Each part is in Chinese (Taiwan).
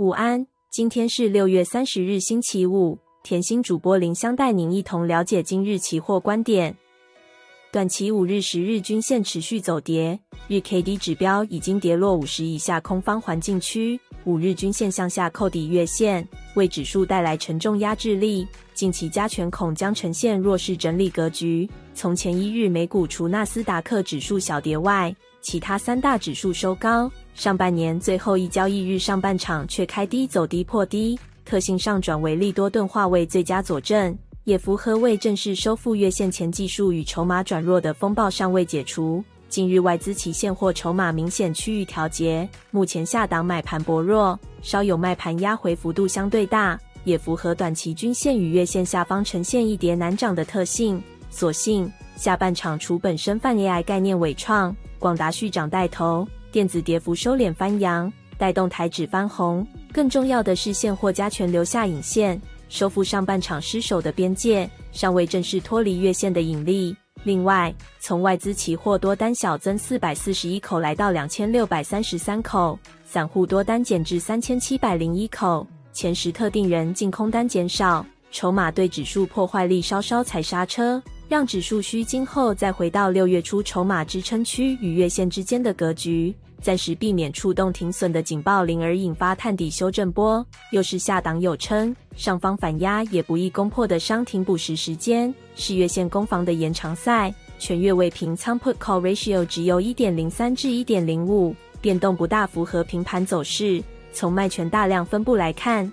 午安，今天是六月三十日，星期五。甜心主播林香帶您一同了解今日期貨觀點。短期五日、十日均線持續走跌，日 K D 指標已經跌落五十以下空方環境區，五日均線向下扣抵月線，為指數帶來沉重壓制力。近期加權恐將呈現弱勢整理格局。從前一日美股除納斯達克指數小跌外，其他三大指數收高。上半年最後一交易日上半場卻開低走低破低，特性上轉為利多鈍化為最佳佐證，也符合未正式收復月線前技術與籌碼轉弱的風暴尚未解除。近日外資期現貨籌碼明顯趨於調節，目前下檔買盤薄弱，稍有賣盤壓回幅度相對大，也符合短期均線與月線下方呈現易跌難漲的特性。所幸下半場除本身泛 AI 概念緯創，廣達續漲帶頭。電子跌幅收斂翻揚，帶動台指翻紅。更重要的是，現貨加權留下影線，收復上半場失守的邊界，尚未正式脫離月線的引力。另外，從外資期貨多單小增四百四十一口來到兩千六百三十三口，散戶多單減至三千七百零一口，前十特定人淨空單減少，籌碼對指數破壞力稍稍踩剎車。讓指數虛驚後，再回到六月初籌碼支撐區與月線之間的格局，暫時避免觸動停損的警報鈴而引發探底修正波，又是下檔有撐，上方反壓也不易攻破的傷停補時時間，是月線攻防的延長賽。全月未平倉 Put Call Ratio 值由1.03至1.05，變動不大，符合平盤走勢。從賣權大量分布來看，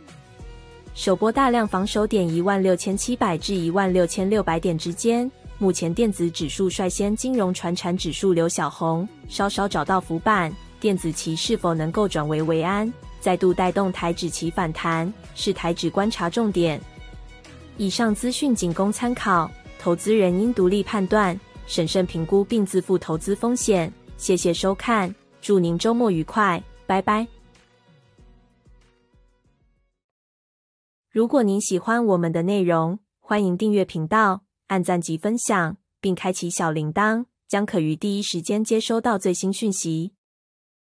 首波大量防守點一萬六千七百至一萬六千六百點之間，目前電子指數率先金融、傳產指數留小紅，稍稍找到浮板，電子期是否能夠轉危為安，再度帶動台指期反彈，是台指觀察重點。以上資訊僅供參考，投資人應獨立判斷，審慎評估並自負投資風險。謝謝收看，祝您週末愉快，拜拜。如果您喜歡我們的內容，歡迎訂閱頻道、按讚及分享，並開啟小鈴鐺，將可於第一時間接收到最新訊息。